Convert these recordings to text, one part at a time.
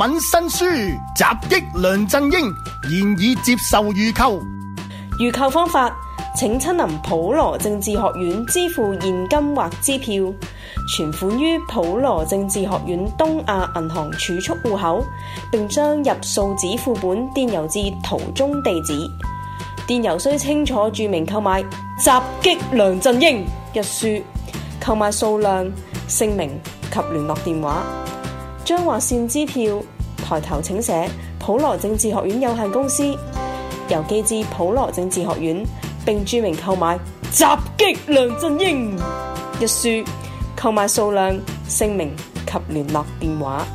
《文新書》襲擊梁振英，現已接受預購。預購方法，請親臨普羅政治學院支付現金或支票，存款於普羅政治學院東亞銀行儲蓄戶口，並將入數紙副本電郵至圖中地址。電郵需清楚注明購買《襲擊梁振英》一書，購買數量、姓名及聯絡電話。將劃線支票。抬頭請寫普羅政治學院有限公司，郵寄至普羅政治學院，並注明購買《襲擊梁振英》一書，購買數量、姓名及聯絡電話。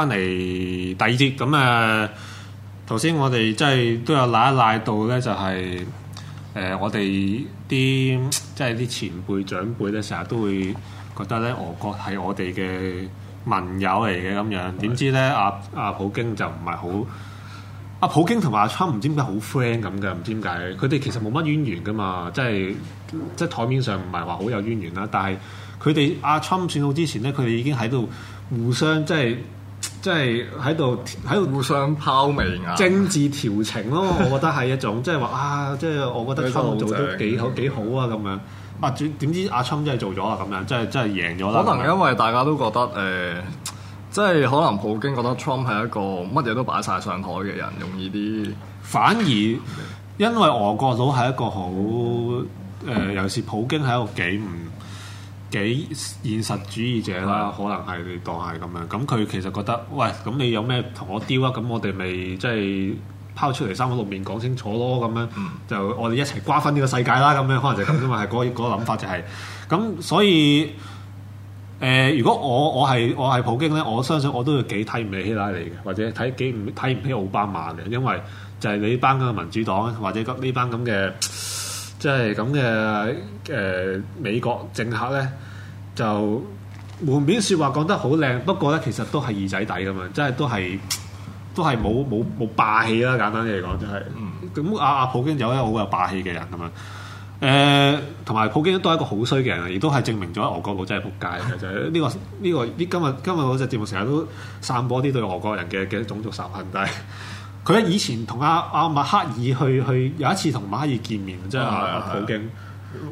翻嚟第二節咁誒，頭、嗯、先我哋即係都有賴一賴到咧，就係、是、誒、呃、我哋啲即係啲前輩長輩咧，成日都會覺得咧俄國係我哋嘅盟友嚟嘅咁樣。點知咧阿阿普京就唔係好阿普京同埋阿 Trump 唔知點解好 friend 咁嘅，唔知點解佢哋其實冇乜淵源噶嘛，即係即係台面上唔係話好有淵源啦。但係佢哋阿 Trump 選好之前咧，佢哋已經喺度互相即係。即係喺度喺度互相拋媚眼，政治調情咯，我覺得係一種即係話啊，即係我覺得 Trump 做都幾好幾好啊咁樣。啊，點知阿 Trump 真係做咗啊咁樣，即係真係贏咗啦。可能因為大家都覺得誒，即係可能普京覺得 Trump 係一個乜嘢都擺晒上台嘅人，容易啲。反而因為俄國佬係一個好、呃、尤其是普京係一個幾唔～幾現實主義者啦，嗯、可能係、嗯、當係咁樣。咁佢、嗯、其實覺得，喂，咁你有咩同我刁啊？咁、嗯、我哋咪即係拋出嚟三口六面講清楚咯，咁樣、嗯、就我哋一齊瓜分呢個世界啦。咁樣、嗯、可能就咁啫嘛，係嗰嗰個諗、那個、法就係、是、咁。嗯、所以誒、呃，如果我我係我係普京咧，我相信我都會幾睇唔起希拉里嘅，或者睇幾唔睇唔起奧巴馬嘅，因為就係你班咁嘅民主黨，或者呢班咁嘅。即係咁嘅誒美國政客咧，就門面説話講得好靚，不過咧其實都係二仔底咁樣，即係都係都係冇冇冇霸氣啦。簡單啲嚟講，就係咁啊，啊普京有一個好有霸氣嘅人咁樣誒，同、呃、埋普京都係一個好衰嘅人，亦都係證明咗俄國佬真係仆街嘅就係、是、呢、呢個呢、呢個呢今日今日嗰隻節目成日都散播啲對俄國人嘅嘅種族仇恨嘅。但佢以前同阿阿麥克爾去去有一次同麥克爾見面，即係普京，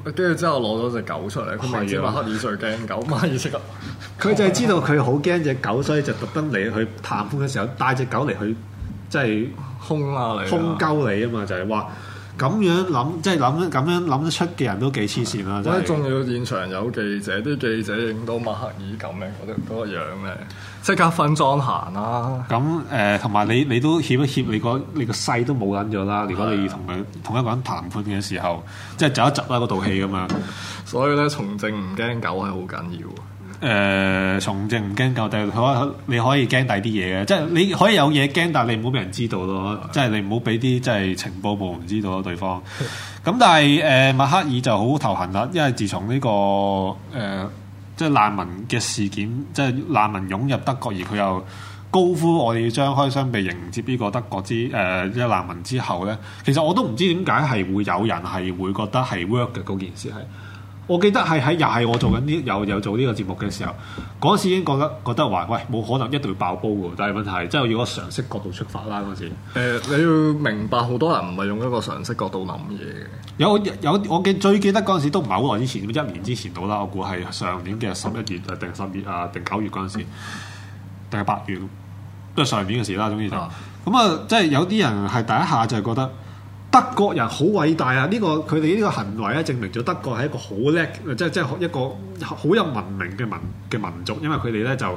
跟住之後攞咗隻狗出嚟，佢咪、啊、知馬克爾最驚狗， 麥克爾識得，佢 就係知道佢好驚隻狗，所以就特登嚟去談判嘅時候帶隻狗嚟去，即係兇下你、兇鳩、啊、你啊你嘛，就係、是、話。咁樣諗，即係諗咁樣諗得出嘅人都幾黐線啦！即仲喂的要現場有記者，啲記者影到馬克爾咁嘅嗰啲嗰個樣咧，即刻分裝行啦！咁誒，同、呃、埋你你都欠一欠，你個你個勢都冇緊咗啦！的如果你同佢同一個人談判嘅時候，即係集一集啦，嗰套戲啊嘛！所以咧，從政唔驚狗係好緊要。誒、呃，從政唔驚夠，但可你可以驚第啲嘢嘅，即、就、係、是、你可以有嘢驚，但係你唔好俾人知道咯，即係、嗯、你唔好俾啲即係情報部門知道咯，對方。咁但係誒，默、呃、克爾就好頭痕啦，因為自從呢、這個誒，即、呃、係、就是、難民嘅事件，即、就、係、是、難民湧入德國，而佢又高呼我哋要張開雙臂迎接呢個德國之誒即係難民之後咧，其實我都唔知點解係會有人係會覺得係 work 嘅嗰件事係。我記得係喺又係我做緊呢又又做呢個節目嘅時候，嗰陣時已經覺得覺得話，喂，冇可能一定要爆煲嘅。但係問題係，即係我要個常識角度出發啦嗰陣時，呃，你要明白，好多人唔係用一個常識角度諗嘢嘅。有有我記最記得嗰陣時都唔係好耐以前，一年之前到啦，我估係上年嘅十一月定十月啊定九月嗰陣時，定係八月，都係上年嘅事啦。總之就咁、係、啊，即係有啲人係第一下就覺得。德國人好偉大啊！呢個佢哋呢個行為咧，證明咗德國係一個好叻，即係即係一個好有文明嘅民嘅民族。因為佢哋咧就誒、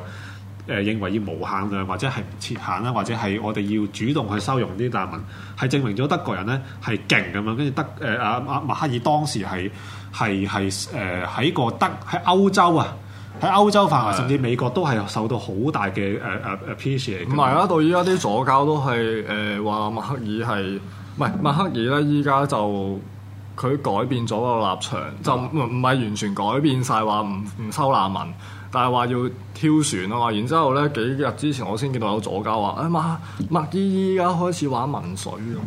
呃、認為要無限量或者係唔設限啦，或者係我哋要主動去收容啲難民，係證明咗德國人咧係勁咁樣。跟住德誒阿阿馬克爾當時係係係誒喺個德喺歐洲啊喺歐洲範圍，甚至美國都係受到好大嘅誒誒誒批評。唔係啊，嗯、appreciate 到依家啲左膠都係誒話馬克爾係。唔係默克爾咧，依家就佢改變咗個立場，就唔唔係完全改變晒話唔唔收難民，但係話要挑選啊嘛。然之後咧幾日之前我先見到有左膠話，哎媽麥依依依家開始玩民粹咁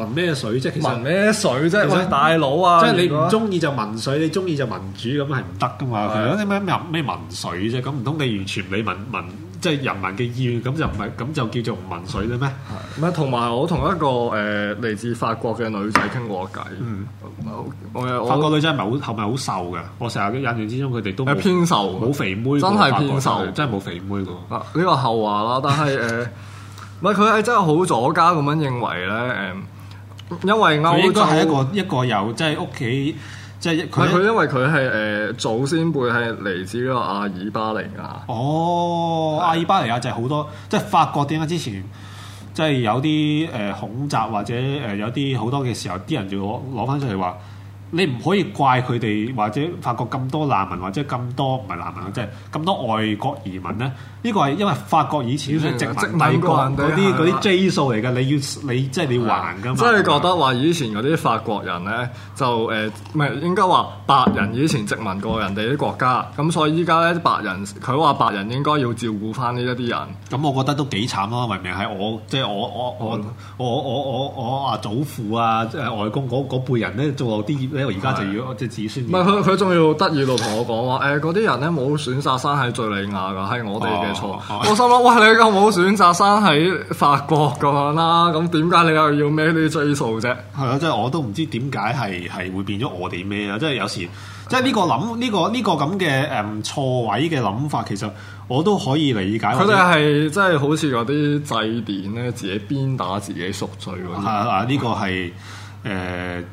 樣，民咩水啫？民咩水啫？大佬啊！即係你唔中意就民粹，你中意就民主，咁係唔得噶嘛？係咯是的，咩咩咩民粹啫？咁唔通你完全你民民？民即係人民嘅意願，咁就唔係，咁就叫做民粹咧咩？唔係同埋我同一個誒嚟、呃、自法國嘅女仔傾過偈。嗯，我我法國女仔唔係好後，唔係好瘦嘅。我成日嘅印象之中，佢哋都係偏瘦，冇肥妹。真係偏瘦，法國的真係冇肥妹嘅。呢、啊呢個後話啦，但係誒，唔係佢係真係好左家咁樣認為咧。誒，因為歐，應該係一個、嗯、一個有即係屋企。即係佢，佢因為佢係誒祖先輩係嚟自嗰個阿爾巴尼亞。哦，阿爾巴尼亞就係好多， 即係法國點解之前，即係有啲誒、呃、恐襲或者誒有啲好多嘅時候，啲人就攞攞翻出嚟話。你唔可以怪佢哋，或者法國咁多難民，或者咁多唔係難民，即係咁多外國移民咧。呢、這個係因為法國以前殖民，的殖民過嗰啲嗰啲 J 數嚟嘅。你要你即係、就是、你還㗎嘛？即係、就是、覺得話以前嗰啲法國人咧，就誒唔係應該話白人以前殖民過人哋啲國家，咁 所以依家咧白人佢話白人應該要照顧翻呢一啲人。咁、嗯、我覺得都幾慘咯，明明係我即係、就是、我我我我我我我阿祖父啊，即係外公嗰輩人咧做落啲業。我而家就要即係子孫唔係佢，佢仲要得意到同我講話，誒，嗰啲人咧冇選擇生喺敘利亞噶係我哋嘅錯。我心諗，喂，你咁冇選擇生喺法國咁啦，咁點解你又要孭啲追數啫？係啊，即係我都唔知點解係係會變咗我哋咩啊？即係有時，即係呢個諗呢個呢個咁嘅誒錯位嘅諗法，其實我都可以理解。佢哋係即係好似嗰啲祭奠咧，自己鞭打自己贖罪嗰啲。啊啊！呢個係誒。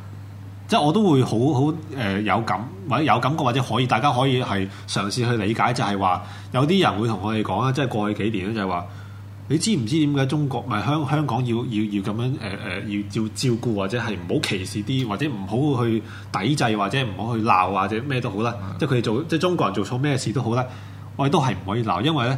即係我都會好好誒有感或者有感覺，或者可以大家可以係嘗試去理解，就係、是、話有啲人會同我哋講啊，即係過去幾年咧就係話，你知唔知點解中國咪香香港要要要咁樣誒誒、呃、要要照顧或者係唔好歧視啲或者唔好去抵制或者唔好去鬧或者咩都好啦是的，即係佢哋做即係中國人做錯咩事都好啦，我哋都係唔可以鬧，因為咧。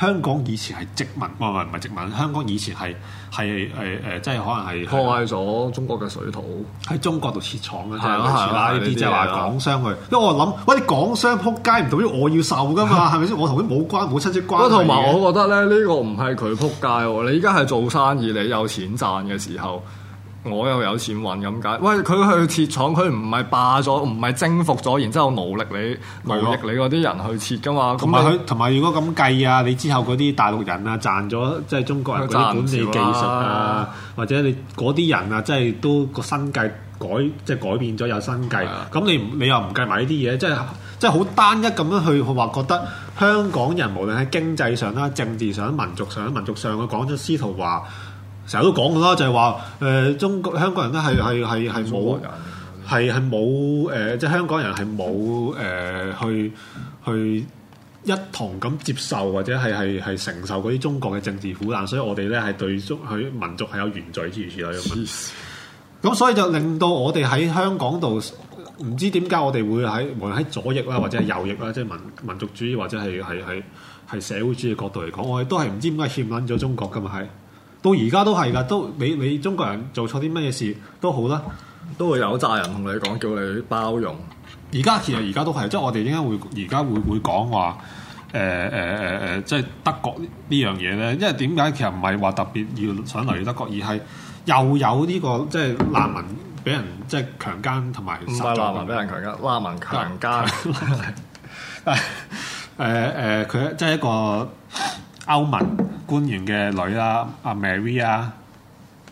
香港以前係殖民，唔係唔係殖民。香港以前係係誒誒，即係、呃、可能係破壞咗中國嘅水土。喺中國度設廠咧，係啦、啊，係啦、啊，呢啲即係話港商去。啊、因為我諗，喂，你港商撲街唔代表我要受噶嘛，係咪先？我同佢冇關，冇親戚關係。同埋，我覺得咧，呢、呢個唔係佢撲街喎、哦。你而家係做生意，你有錢賺嘅時候。我又有錢揾咁解？喂，佢去設廠，佢唔係霸咗，唔係征服咗，然之後奴役你，奴是的 役你嗰啲人去設㗎嘛？咁咪同埋，如果咁計啊，你之後嗰啲大陸人啊，賺咗即係中國人嗰啲管理技術啊，錢啊或者你嗰啲人啊，即係都個生計改即係改變咗，有生計。咁是的 你你又唔計埋呢啲嘢？即係即係好單一咁樣去話覺得香港人無論喺經濟上啦、政治上、民族上、民族上，我講咗司徒華。成日都講噶啦，就係話誒，中國香港人都係係係係冇係係冇誒，即係香港人係冇誒去去一同咁接受或者係係係承受嗰啲中國嘅政治苦難，所以我哋咧係對中佢民族係有原罪之類啊！咁，咁所以就令到我哋喺香港度唔知點解我哋會喺無論喺左翼啦，或者係右翼啦，即係民民族主義或者係係係係社會主義角度嚟講，我哋都係唔知點解欠揾咗中國噶嘛係。到而家都係噶，都你你中國人做錯啲咩事都好啦，都會有紮人同你講叫你包容。而家其實而家都係、就是呃呃呃呃，即係我哋應該會而家會會講話誒誒誒誒，即係德國呢樣嘢咧。因為點解其實唔係話特別要想留意德國，而係又有呢、呢個即係難民俾人即係強姦同埋殺，唔係難民俾人強姦，難民強姦。誒誒，佢即係一個。歐盟官員嘅女啦，阿 Mary 啊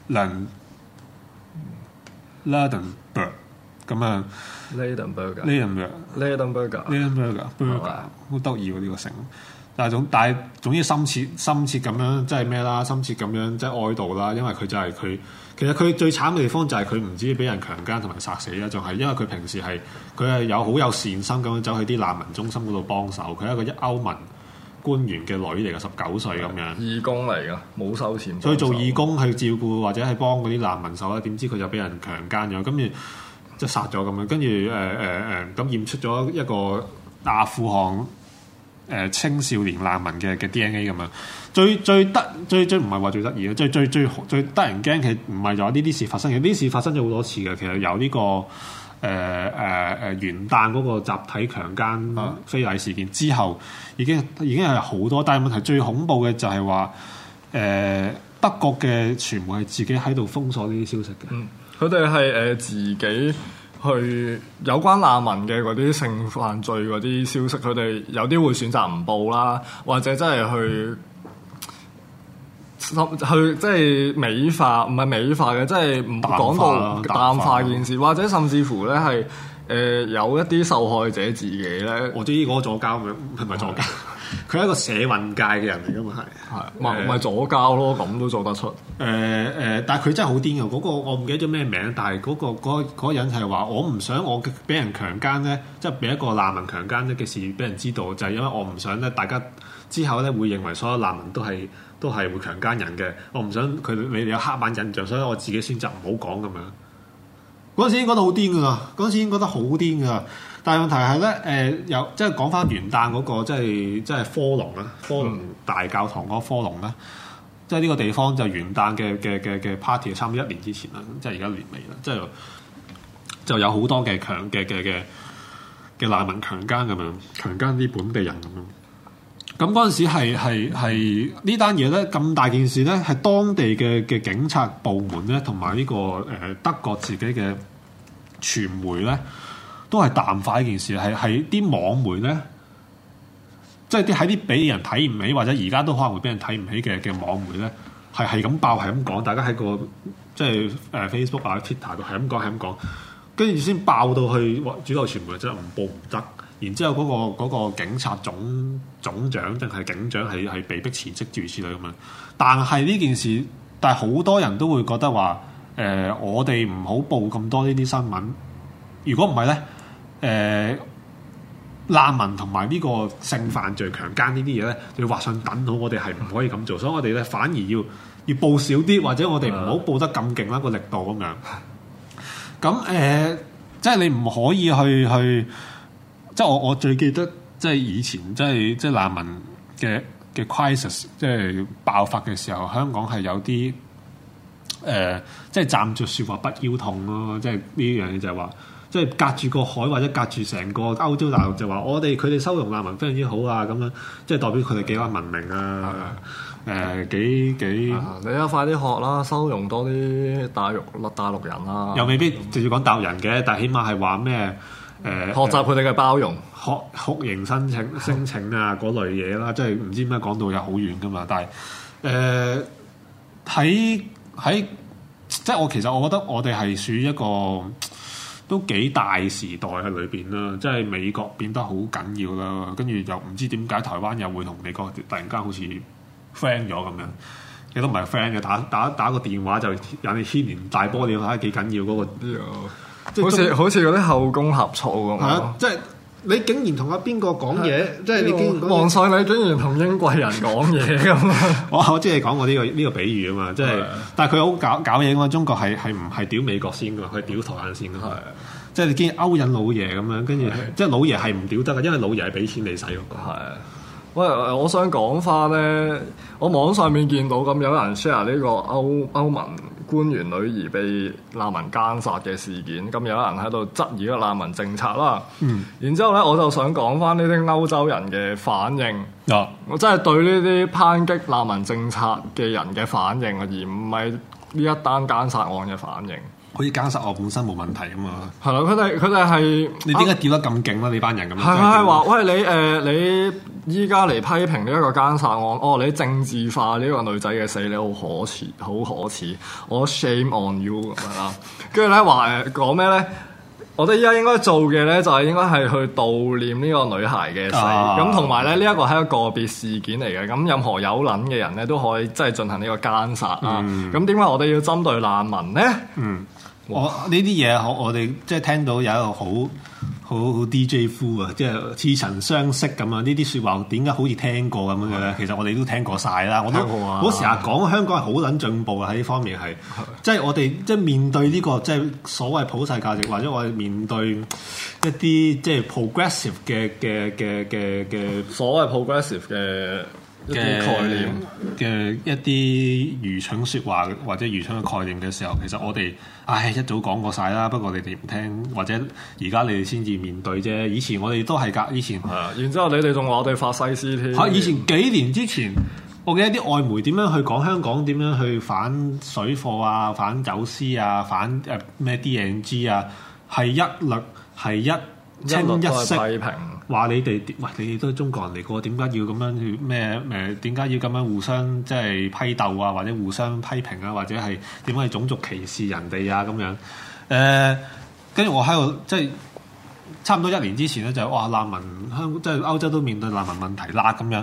，London，Londonberg，咁啊，Londonberg，Londonberg，Londonberg，Londonberg，好得意喎呢個成。但係總但係總之深切深切咁樣，即係咩啦？深切咁樣即係哀悼啦，因為佢就係、是、佢，其實佢最慘嘅地方就係佢唔止俾人強姦同埋殺死啦，就係、是、因為佢平時係佢係有好有善心咁樣走去啲難民中心嗰度幫手，佢係一個一歐盟。官員嘅女嚟嘅，十九歲咁樣，義工嚟噶，冇收錢。所以做義工去照顧或者係幫嗰啲難民手咧，點知佢就俾人強姦咗，跟住即係殺咗咁樣，跟住誒誒誒，咁、呃呃呃、驗出咗一個阿富汗誒、呃、青少年難民嘅嘅 DNA 咁樣。最最得最最唔係話最得意咯，最最最最，最，最得人驚嘅唔係就係呢啲事發生嘅，呢啲事發生咗好多次嘅，其實有呢、呢個。誒誒誒，元旦嗰個集體強姦非禮事件之後已，已經已經係好多，但係問題最恐怖嘅就係話，誒、呃、德國嘅傳媒係自己喺度封鎖呢啲消息嘅、嗯，佢哋係誒自己去有關難民嘅嗰啲性犯罪嗰啲消息，佢哋有啲會選擇唔報啦，或者真係去。嗯去即係美化，唔係美化嘅，即係唔講到淡化，淡化件事，或者甚至乎咧係誒有一啲受害者自己咧，我知嗰個左膠咪係咪左膠？佢係是 一個社運界嘅人嚟噶嘛係，係咪咪左膠咯？咁都、呃、做得出誒誒、呃呃，但係佢真係好癲嘅，嗰、那個我唔記得咗咩名，但係嗰、那個嗰嗰人係話我唔想我俾人強姦咧，即係俾一個難民強姦呢嘅事俾人知道，就係、是、因為我唔想咧大家。之後咧會認為所有難民都係都係會強姦人嘅，我唔想佢你哋有黑板印象，所以我自己選擇唔好講咁樣。嗰陣時已經覺得好癲㗎啦，嗰陣時已經覺得好癲㗎啦。但係問題係咧，誒、呃、有即係講翻元旦嗰、那個，即係即係科隆啦，科隆大教堂嗰科隆咧，即係呢個地方就元旦嘅嘅嘅嘅 party 差唔多一年之前啦，即係而家年尾啦，即係就有好多嘅強嘅嘅嘅嘅難民強姦咁樣，強姦啲本地人咁樣。咁嗰陣時係係呢單嘢咧咁大件事咧，係當地嘅嘅警察部門咧，同埋呢個誒、呃、德國自己嘅傳媒咧，都係淡化一件事。係係啲網媒咧，即係啲喺啲俾人睇唔起，或者而家都可能會俾人睇唔起嘅嘅網媒咧，係係咁爆，係咁講，大家喺個即係誒 Facebook 啊、Twitter 度係咁講，係咁講，跟住先爆到去主流傳媒，真係唔報唔得。然之後嗰個嗰個警察總總長定係警長係係被逼辭職住之類咁樣，但係呢件事，但係好多人都會覺得話：誒、呃，我哋唔好報咁多呢啲新聞。如果唔係咧，誒，難民同埋呢個性犯罪、強姦呢啲嘢咧，你話上等號，我哋係唔可以咁做，嗯、所以我哋咧反而要要報少啲，或者我哋唔好報得咁勁啦個力度咁樣。咁誒、呃，即係你唔可以去去。即係我我最記得，即係以前，即係即係難民嘅嘅 crisis，即係爆發嘅時候，香港係有啲誒、呃，即係站着說話不腰痛咯、啊，即係呢樣嘢就係話，即係隔住個海或者隔住成個歐洲大陸就話，我哋佢哋收容難民非常之好啊，咁樣即係代表佢哋幾話文明啊，誒幾幾，你啊快啲學啦，收容多啲大陸大陸人啦、啊。又未必直接講大陸人嘅，但係起碼係話咩？誒學習佢哋嘅包容，呃、學酷刑申請申請啊嗰是的 類嘢啦、啊，即係唔知咩解講到有好遠㗎嘛。但係誒喺喺即係我其實我覺得我哋係屬於一個都幾大時代喺裏邊啦。即係美國變得好緊要啦，跟住又唔知點解台灣又會同美國突然間好似 friend 咗咁樣，亦都唔係 friend 嘅打打打個電話就引起牽連大波，你睇下幾緊要嗰、那個。哎好似好似嗰啲後宮呷醋咁啊！即係你竟然同阿邊個講嘢，啊、即係你竟然皇上你竟然同英貴人講嘢咁，我即係講過呢個呢、這個比喻啊嘛，即係、啊、但係佢好搞搞嘢，我中國係係唔係屌美國先噶嘛，佢屌台灣先噶嘛，啊、即係你竟然勾引老爺咁樣，跟住、啊、即係老爺係唔屌得噶，因為老爺係俾錢你使喎。係、啊、喂，我想講翻咧，我網上面見到咁有人 share 呢個歐歐盟。官員女兒被難民奸殺嘅事件，咁有人喺度質疑個難民政策啦。嗯、然之後咧，我就想講翻呢啲歐洲人嘅反應。啊、我真係對呢啲抨擊難民政策嘅人嘅反應，而唔係呢一單奸殺案嘅反應。可以奸殺我本身冇問題啊嘛，係啦、啊，佢哋佢哋係你點解屌得咁勁咧？呢班人咁，係係話喂你誒、呃、你依家嚟批評呢一個奸殺案，哦你政治化呢個女仔嘅死，你好可恥，好可恥，我 shame on you 咁樣啦，跟住咧話誒講咩咧？我哋依家應該做嘅咧，就係應該係去悼念呢個女孩嘅死，咁同埋咧呢一個係一個個別事件嚟嘅，咁任何有撚嘅人咧，都可以即係進行呢個奸殺、嗯、啊！咁點解我哋要針對難民咧？嗯哇 我，我呢啲嘢我我哋即係聽到有一個好。好好 DJ 風啊，即係似曾相識咁啊。呢啲説話點解好似聽過咁嘅，咧？ 其實我哋都聽過晒啦，我都嗰、啊、成日講香港係好撚進步啊喺呢方面係， 即係我哋即係面對呢、呢個即係所謂普世價值，或者我哋面對一啲即係 progressive 嘅嘅嘅嘅嘅所謂 progressive 嘅。嘅概念嘅一啲愚蠢説話或者愚蠢嘅概念嘅時候，其實我哋唉一早講過晒啦，不過你哋唔聽，或者而家你哋先至面對啫。以前我哋都係噶，以前係。然之後你哋仲話我哋發西施添。嚇、啊！以前幾年之前，我記得啲外媒點樣去講香港，點樣去反水貨啊，反走私啊，反誒咩、呃、D N G 啊，係一律係一清一色。一話你哋，喂，你哋都係中國人嚟過點解要咁樣去？咩？誒，點解要咁樣互相即係批鬥啊，或者互相批評啊，或者係點解係種族歧視人哋啊？咁樣誒，跟、呃、住我喺度即係差唔多一年之前咧，就話、是、難民，香即係歐洲都面對難民問題啦。咁樣，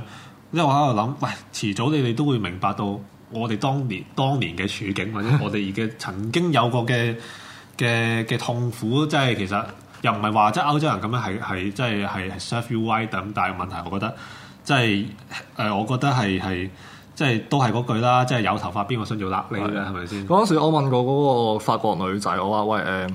因為我喺度諗，喂，遲早你哋都會明白到我哋當年當年嘅處境，或者我哋而家曾經有過嘅嘅嘅痛苦，即係其實。又唔係話即係歐洲人咁樣係係即係係 serve you right 等，大嘅問題我覺得即係誒，我覺得係係即係、呃、都係嗰句啦，即係有頭髮邊個想做瘌痢咧？係咪先？嗰陣時我問過嗰個法國女仔，我話喂，誒、呃，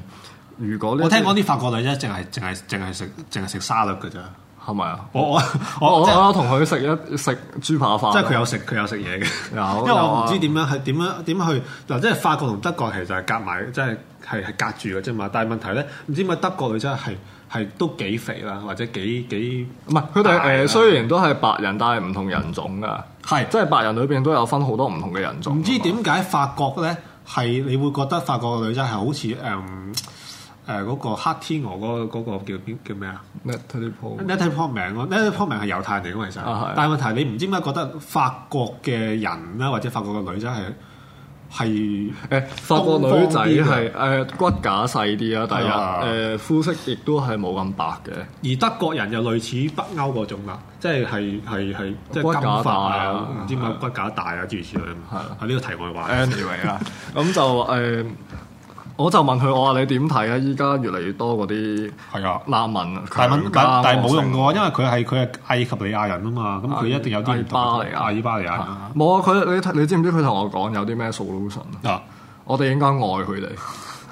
如果、呢個、我聽講啲法國女仔淨係淨係淨係食淨係食沙律嘅啫，係咪啊？我我我 我我同佢食一食豬扒飯，即係佢有食佢有食嘢嘅， 有因為我唔知點樣喺點樣點 去嗱，即係法國同德國其實係夾埋即係。就係係係隔住嘅啫嘛，但係問題咧，唔知點解德國女仔係係都幾肥啦，或者幾幾唔係佢哋誒雖然都係白人，但係唔同人種噶，係即係白人裏邊都有分好多唔同嘅人種。唔知點解法國咧係你會覺得法國嘅女仔係好似誒誒嗰個黑天鵝嗰個叫邊叫咩啊？Natalie，Natalie Portman 咯，Natalie Portman 係猶太嚟嘅其實，但係問題你唔知點解覺得法國嘅人咧或者法國嘅女仔係。係誒法國女仔係誒骨架細啲啊，第一、呃，誒膚色亦都係冇咁白嘅。而德國人就類似北歐嗰種啦，即係係係係即係、啊、骨架大啊，唔、嗯、知點解骨架大啊之、啊、類啊嘛。係喺呢個題外話。anyway 啊，咁就誒。我就問佢，我話你點睇啊？依家越嚟越多嗰啲難民，的但係問但係冇用嘅，我因為佢係佢係埃及利亞阿爾及利亞人啊嘛，咁佢爾一定有啲巴利亞、伊巴利亞阿爾巴利亞、啊的。冇啊，佢你你知唔知佢同我講有啲咩 solution 啊？我哋應該愛佢哋。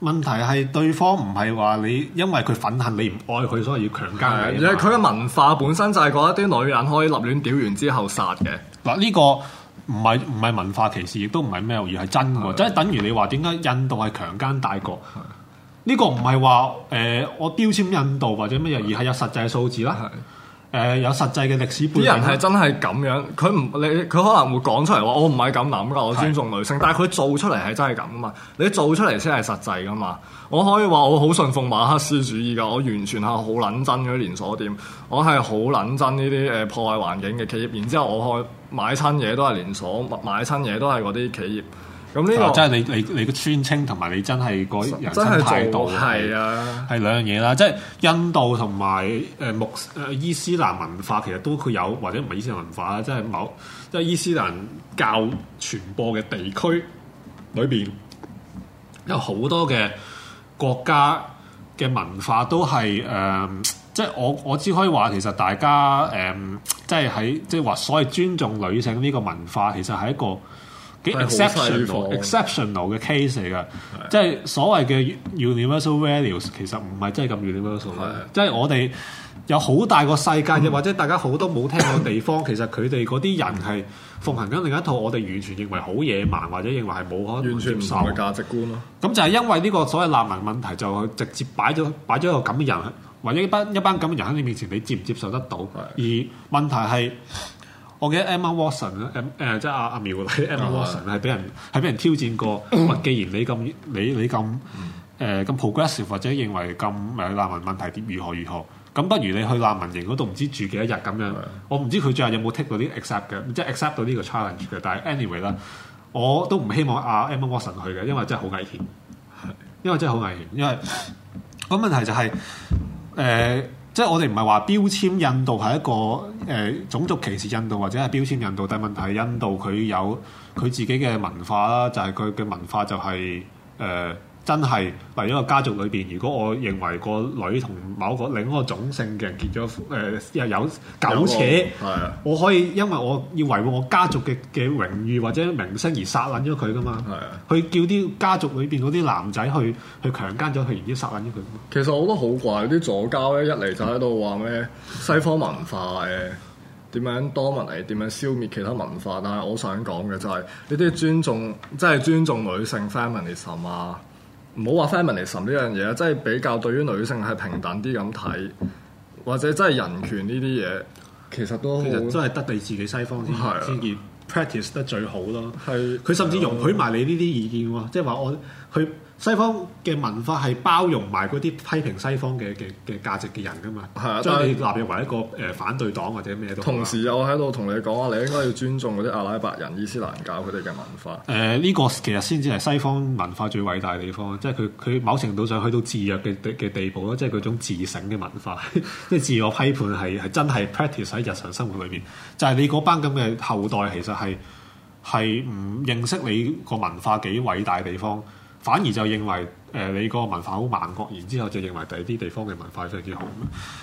問題係對方唔係話你，因為佢憤恨你唔愛佢，所以要強姦你。係佢嘅文化本身就係嗰一啲女人可以立亂屌完之後殺嘅。嗱呢個唔係唔係文化歧視，亦都唔係咩，而係真的即係等於你話點解印度係強姦大國？呢的個唔係話誒我標籤印度或者乜嘢，的而係有實際數字啦。誒、呃、有實際嘅歷史背景，啲人係真係咁樣，佢唔你佢可能會講出嚟話，我唔係咁諗噶，我尊重女性，是但係佢做出嚟係真係咁啊嘛，你做出嚟先係實際噶嘛，我可以話我好信奉馬克思主義噶，我完全係好撚憎嗰啲連鎖店，我係好撚憎呢啲誒破壞環境嘅企業，然之後我去買親嘢都係連鎖，買親嘢都係嗰啲企業。咁呢、這個真係、嗯、你你你嘅尊稱，同埋你真係個人生態度係啊，係兩樣嘢啦。是啊、即係印度同埋誒穆伊斯，伊斯蘭文化，其實都佢有，或者唔係伊斯蘭文化啦。即係某即係伊斯蘭教傳播嘅地區裏邊，有好多嘅國家嘅文化都係誒、呃，即係我我只可以話，其實大家誒、呃，即係喺即係話，所謂尊重女性呢個文化，其實係一個 exceptional 嘅 case 嚟噶。 即係所謂嘅 universal values，其實唔係真係咁 universal。 即係我哋有好大個世界，亦、嗯、或者大家好多冇聽過地方， 其實佢哋嗰啲人係奉行緊另一套，我哋完全認為好野蠻，或者認為係冇可接受嘅價值觀咯、啊。咁就係因為呢個所謂難民問題，就直接擺咗擺咗一個咁嘅人，或者一班一班咁嘅人喺你面前，你接唔接受得到？的而問題係。我記得 Emma Watson 咧，誒即係阿阿苗啦，Emma Watson 係俾人係俾人挑戰過。既然你咁你你咁誒咁 progressive，或者認為咁誒難民問題點如何如何，咁不如你去難民營嗰度唔知住幾多日咁樣。我唔知佢最後有冇 take 到啲 accept 嘅，即係 accept 到呢個 challenge 嘅。但係 anyway 啦，我都唔希望阿 Emma Watson 去嘅，因為真係好危險。因為真係好危險。因為個問題就係誒。即係我哋唔係話標籤印度係一個誒、呃、種族歧視印度，或者係標籤印度，但係問題係印度佢有佢自己嘅文化啦，就係佢嘅文化就係、係、誒。呃真係為一個家族裏邊，如果我認為個女同某個另一個種姓嘅人結咗誒，又、呃、有苟且，且我可以因為我要維護我家族嘅嘅榮譽或者名聲而殺撚咗佢㗎嘛？係啊的，去叫啲家族裏邊嗰啲男仔去去強姦咗佢，然之後殺撚咗佢。其實我覺得好怪，啲左膠咧一嚟就喺度話咩西方文化嘅點樣 dominate，點樣消滅其他文化？但係我想講嘅就係你都要尊重，即係尊重女性 family 什唔好話 feminism 呢樣嘢，即係比較對於女性係平等啲咁睇，或者真係人權呢啲嘢，其實都其實真係得地自己西方先係啊，而 practice 得最好咯。佢甚至容許埋你呢啲意見喎，即係話我佢。西方嘅文化係包容埋嗰啲批評西方嘅嘅嘅價值嘅人噶嘛？係啊的，將你納入為一個誒、呃、反對黨或者咩都好、啊。同時，我喺度同你講話，你應該要尊重嗰啲阿拉伯人、伊斯蘭教佢哋嘅文化。誒呢、呃這個其實先至係西方文化最偉大嘅地方，即係佢佢某程度上去到自虐嘅嘅地步咯，即係嗰種自省嘅文化，即 係自我批判係係真係 practice 喺日常生活裏面。就係、是、你嗰班咁嘅後代，其實係係唔認識你個文化幾偉大嘅地方。反而就認為，誒、呃、你個文化好盲國，然之後就認為第二啲地方嘅文化非常之好。誒、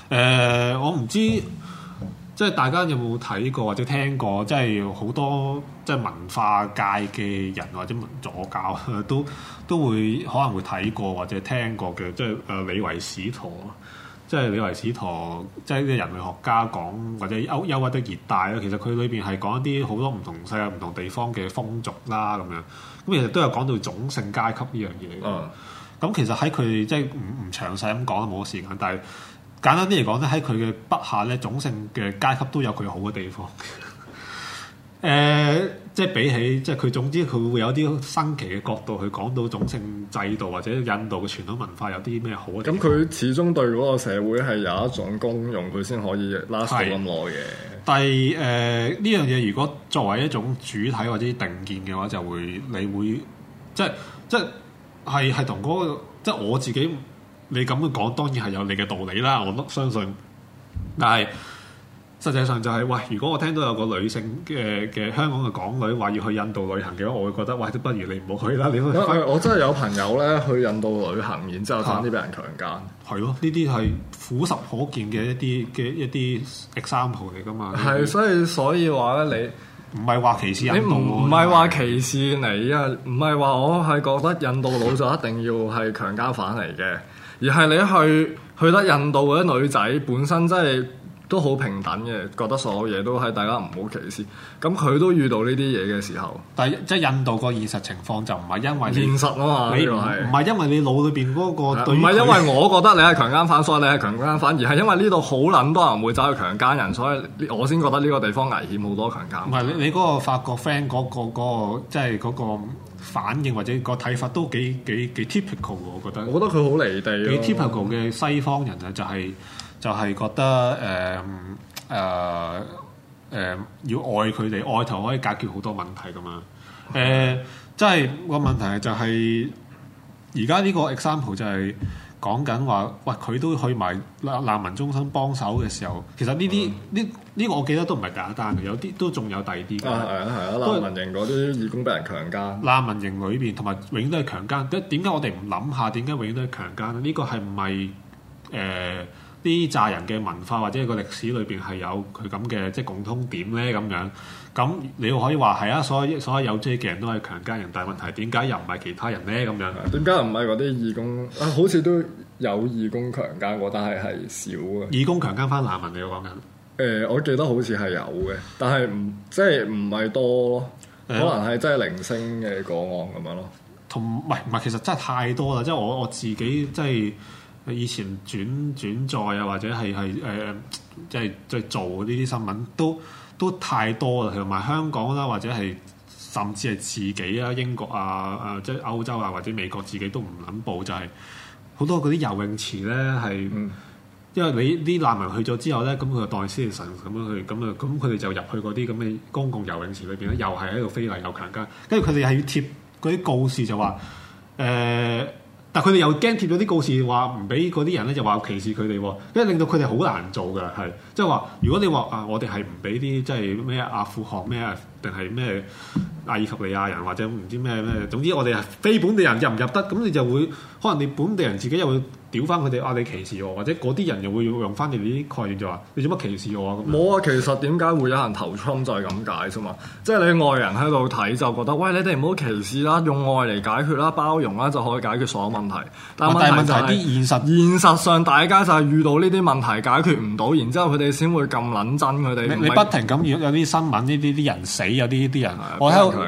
呃，我唔知，即係大家有冇睇過或者聽過，即係好多即係文化界嘅人或者文左膠都都會可能會睇過或者聽過嘅，即係、呃、誒《李維史陀》。即係李維史陀，即係啲人類學家講，或者憂憂鬱的熱帶咧，其實佢裏邊係講一啲好多唔同世界、唔同地方嘅風俗啦，咁樣，咁其實都有講到種姓階級呢樣嘢。咁、嗯、其實喺佢即係唔唔詳細咁講，冇時間。但係簡單啲嚟講咧，喺佢嘅筆下咧，種姓嘅階級都有佢好嘅地方。誒、 呃。即係比起，即係佢總之佢會有啲新奇嘅角度去講到種姓制度或者印度嘅傳統文化有啲咩好。咁佢始終對嗰個社會係有一種功用，佢先可以拉 a 咁耐嘅。第誒呢樣嘢，如果作為一種主體或者定見嘅話，就會你會即係即係係係同哥即係、那個、我自己，你咁樣講當然係有你嘅道理啦，我都相信。但係。實際上就係、是，喂，如果我聽到有個女性嘅嘅、呃、香港嘅港女話要去印度旅行嘅話，我會覺得，喂，都不如你唔好去啦，你都。我真係有朋友咧去印度旅行，然之後差啲俾人強姦，啊。係咯，呢啲係俯拾可見嘅一啲嘅一啲 example 嚟噶嘛。係，所以所以話咧，你唔係話歧視人。你唔係話歧視你啊，唔係話我係覺得印度佬就一定要係強姦犯嚟嘅，而係你去去得印度嗰啲女仔本身真、就、係、是。都好平等嘅，覺得所有嘢都係大家唔好歧視。咁佢都遇到呢啲嘢嘅時候，但即係印度個現實情況就唔係因為你現實啊嘛，唔係不是因為你腦裏邊嗰個對，唔係因為我覺得你係強姦犯，所以你係強姦犯，而係因為呢度好撚多人會走去強姦人，所以我先覺得呢個地方危險好多強姦。唔係你你嗰個法國 friend 嗰、嗰個即係嗰個反應或者個睇法都幾幾幾 typical，我覺得我覺得佢好離地，幾 typical 嘅西方人啊就係、是。就係覺得誒誒誒要愛佢哋，愛頭可以解決好多問題咁樣。誒、呃，即係個問題就係而家呢個 example 就係講緊話，喂，佢都去埋難難民中心幫手嘅時候，其實呢啲呢呢個我記得都唔係簡單嘅，有啲都仲有第二啲。啊，係啊係啊！難民營嗰啲義工俾人強姦。難民營裏邊同埋永遠都係強姦。點解我哋唔諗下點解永遠都係強姦呢、呢個係唔係誒？呃啲炸人嘅文化或者個歷史裏邊係有佢咁嘅即係共通點咧咁樣，咁你又可以話係啊？所以所以有遮嘅人都係強姦人，但係問題點解又唔係其他人咧咁樣？點解唔係嗰啲義工啊？好似都有義工強姦過，但係係少啊。義工強姦返難民你要講緊？誒、欸，我記得好似係有嘅，但係唔即係唔係多咯？可能係即係零星嘅個案咁樣咯。同唔係唔係其實真係太多啦！即係我我自己即係。以前轉轉載啊，或者係係誒，即係在做呢啲新聞都都太多啦，同埋香港啦，或者係甚至係自己啊、英國啊、誒、呃、即係歐洲啊，或者美國自己都唔撚報，就係好多嗰啲游泳池咧係，嗯、因為你啲難民去咗之後咧，咁佢就代先神咁樣去，咁啊咁佢哋就入去嗰啲咁嘅公共游泳池裏邊咧，又係喺度非禮又強姦，跟住佢哋係要貼嗰啲告示就話誒。呃但佢哋又驚貼咗啲告示，話唔俾嗰啲人咧，就話歧視佢哋，因為令到佢哋好難做嘅，係即係話，如果你話啊，我哋係唔俾啲即係咩阿富學汗咩啊，定係咩阿爾及利亞人或者唔知咩咩，總之我哋係非本地人入唔入得，咁你就會可能你本地人自己又會。屌翻佢哋啊！你歧視我，或者嗰啲人又會用翻佢啲概念就話：你做乜歧視我咁？冇啊！其實點解會有人投 Trump 就係咁解啫嘛？即係你外人喺度睇就覺得：喂，你哋唔好歧視啦，用愛嚟解決啦，包容啦，就可以解決所有問題。但係問題係啲現實，現實上大家就係遇到呢啲問題解決唔到，然之後佢哋先會咁撚真佢哋。不你不停咁有有啲新聞，呢啲啲人死，有啲啲人，我喺度有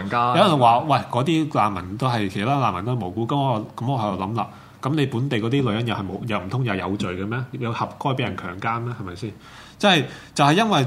人話：喂，嗰啲難民都係其他難民都，難民都無辜。咁我咁我喺度諗啦。咁你本地嗰啲女人又係冇又唔通又有罪嘅咩？有合該俾人強姦咩？係咪先？即係就係、是、因為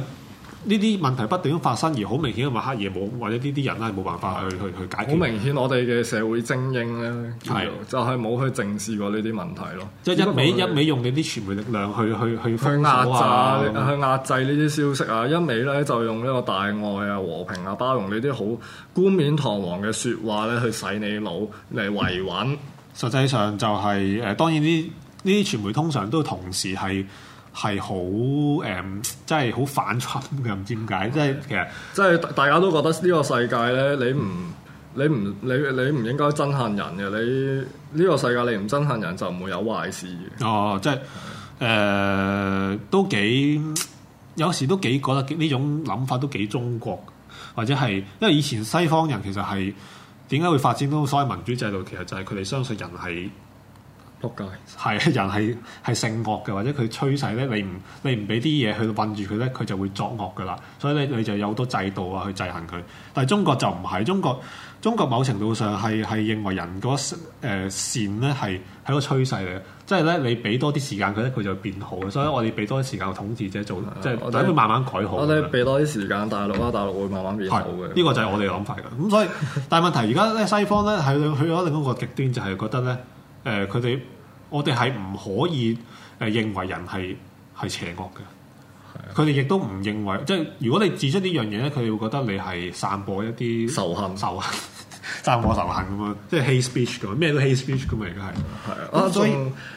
呢啲問題不斷咁發生，而好明顯嘅黑嘢冇，或者呢啲人咧冇辦法去去的去解決。好明顯，我哋嘅社會精英咧，係就係冇去正視過呢啲問題咯。的即係一味們一味用你啲傳媒力量去去去封壓榨、去壓制呢啲消息，消息啊，息一味咧就用呢個大愛啊、和平啊、包容呢啲好冠冕堂皇嘅説話咧，去洗你腦嚟維穩、嗯。實際上就係、是、誒、呃，當然呢呢啲傳媒通常都同時係係好誒，呃嗯、即係好反出嘅，唔知點解，即係其實即係大家都覺得呢個世界咧，你唔、嗯、你唔你你唔應該憎恨人嘅，你呢、呢個世界你唔憎恨人就唔會有壞事哦，即係誒的、呃，都幾有時都幾覺得呢種諗法都幾中國，或者係因為以前西方人其實係。點解會發展到所謂民主制度？其實就係佢哋相信人係碌蛋，人係係性惡嘅，或者佢趨勢咧，你唔你唔俾啲嘢去困住佢咧，佢就會作惡噶啦。所以你你就有好多制度啊去制衡佢。但係中國就唔係，中國中國某程度上係係認為人嗰誒、呃、善咧係一個趨勢嚟。即係咧，你俾多啲時間佢咧，佢就會變好。所以，我哋俾多啲時間統治者做，即係等佢慢慢改好。我哋俾多啲時間大陸啦，大陸會慢慢變好嘅。呢個就係我哋嘅諗法㗎。咁所以， 但係問題而家咧，西方咧係去咗另一個極端，就係覺得咧，誒，佢哋我哋係唔可以誒認為人係係邪惡嘅。佢哋亦都唔認為，即係如果你指出呢樣嘢咧，佢哋會覺得你係散播一啲仇恨、仇恨。揸唔到手限咁樣，即係 hate speech 㗎嘛，咩都 hate speech 㗎嘛，而家係。係啊、嗯，所以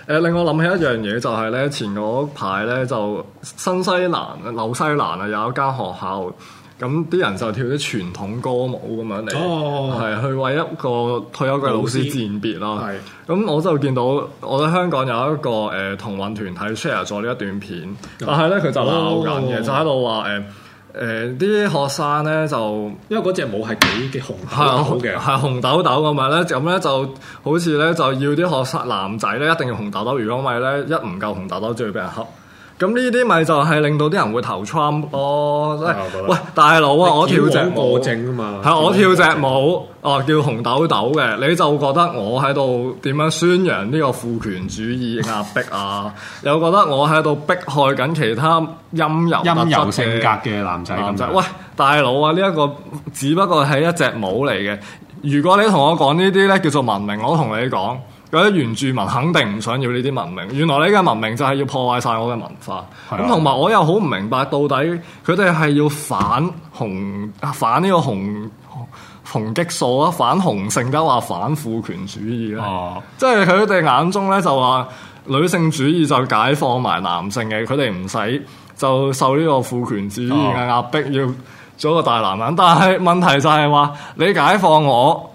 誒令我諗起一樣嘢就係咧，前嗰排咧就新西蘭紐西蘭啊有一間學校，咁啲人就跳啲傳統歌舞咁樣嚟，係去、哦、為一個退休嘅老師餞別啦。咁我就見到我喺香港有一個誒同運團體 share 咗呢一段片，嗯、但係咧佢就鬧緊嘅，哦、就喺度話誒。誒啲、呃、學生咧就，因為嗰隻舞係幾幾紅，好嘅，係紅豆豆咁樣咧，咁咧就好似咧就要啲學生男仔咧一定要紅豆豆，如果唔係咧一唔夠紅豆豆就會俾人恰。咁呢啲咪就係令到啲人會投 Trump 咯，喂大佬啊！我跳隻舞正啊嘛，係看我跳隻舞哦，叫紅豆豆嘅，你就覺得我喺度點樣宣揚呢個父權主義壓、啊、 迫啊？又覺得我喺度迫害緊其他陰柔陰柔性格嘅男仔咁生。喂大佬啊！呢、這、一個只不過係一隻舞嚟嘅，如果你同我講呢啲咧叫做文明，我同你講。嗰啲原住民肯定唔想要呢啲文明。原來你嘅文明就係要破壞晒我嘅文化。咁同埋我又好唔明白，到底佢哋係要反雄反呢個雄雄激素啊，反雄性都話反父權主義啊？即係佢哋眼中咧就話女性主義就解放埋男性嘅，佢哋唔使就受呢個父權主義嘅壓迫，要做一個大男人。啊、但係問題就係話你解放我。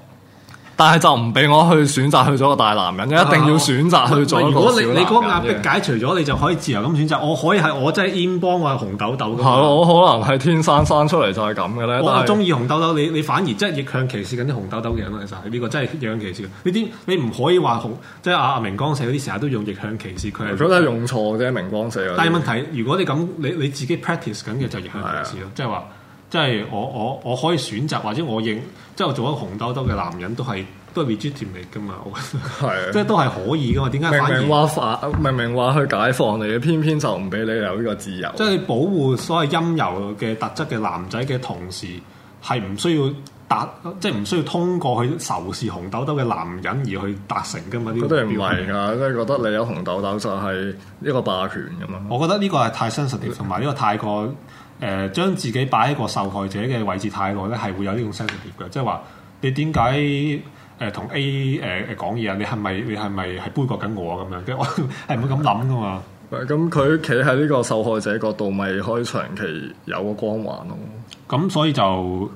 但係就唔俾我去選擇去咗個大男人，啊、一定要選擇去做個小男人，啊、如果你你個壓逼解除咗，已你就可以自由咁選擇。我可以係我真係陰幫或紅豆豆咁。係我、啊、可能係天生生出嚟就係咁嘅咧。是我係中意紅豆豆，你你反而即係逆向歧視緊啲紅豆豆嘅人，其實呢個真係逆、啊、逆向歧視。呢啲你唔可以話紅即係阿明光社嗰啲成日都用逆向歧視佢。佢都係用錯啫，明光社。但係問題如果你咁你你自己 practice 緊嘅就逆向歧視咯，即係話。即係我我我可以選擇或者我認即係我做一個紅豆豆嘅男人都係都係 reject 嚟㗎嘛，是的 即係都係可以㗎嘛？點解反而話發明明話去解放你，偏偏就唔俾你有呢個自由？即係保護所謂陰柔嘅特質嘅男仔嘅同時，係唔需要達即係唔需要通過去仇視紅豆豆嘅男人而去達成㗎嘛？嗰啲都係唔係㗎？即係覺得你有紅豆豆就係一個霸權咁樣。覺豆豆嘛，我覺得呢個係太真實同埋呢個太過。誒、呃、將自己擺喺個受害者嘅位置太耐咧，係會有呢種傷害嘅。即係話你點解誒同 A 誒誒講嘢啊？你係咪、呃呃、你係咪係杯葛緊我啊？咁 樣即係我係唔會咁諗噶嘛。咁佢企喺呢個受害者角度，咪可以長期有個光環咯。咁所以就誒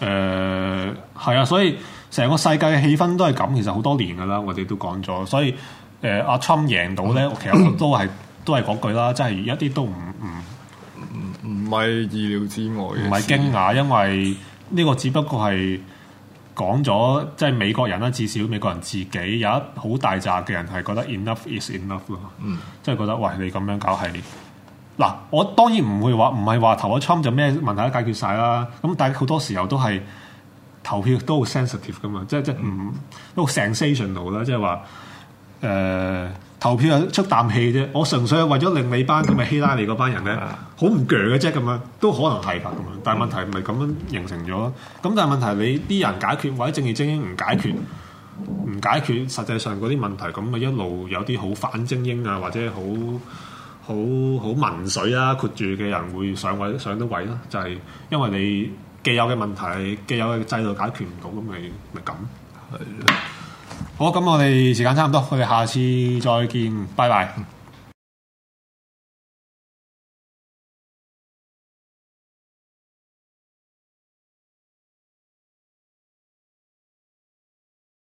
係、呃、啊，所以成個世界嘅氣氛都係咁。其實好多年噶啦，我哋都講咗。所以誒阿 Chum 贏到咧，我、嗯、其實我都係 都係嗰句啦，即、就、係、是、一啲都唔唔。嗯唔係意料之外，唔係驚訝，因為呢個只不過係講咗，即係美國人啦，至少美國人自己有一好大扎嘅人係覺得 enough is enough 咯，嗯，即係覺得喂，你咁樣搞系列，嗱，我當然唔會話，唔係話投咗 Trump 就咩問題都解決晒啦，咁但係好多時候都係投票都好 sensitive 噶嘛，即係即係唔都好 sensational 啦，即係話。嗯誒、呃、投票係出啖氣啫，我純粹係為咗令你班咁嘅希拉里嗰班人咧，好唔鋸嘅啫咁樣，都可能係㗎咁樣。但問題唔係咁樣形成咗，咁但係問題你啲人解決或者正義精英唔解決，唔解決，實際上嗰啲問題咁咪一路有啲好反精英啊，或者好好好民粹啊括住嘅人會上位上到位咯，就係、是、因為你既有嘅問題，既有嘅制度解決唔到咁咪咪咁係好，咁我哋時間差唔多，我哋下次再見，拜拜。嗯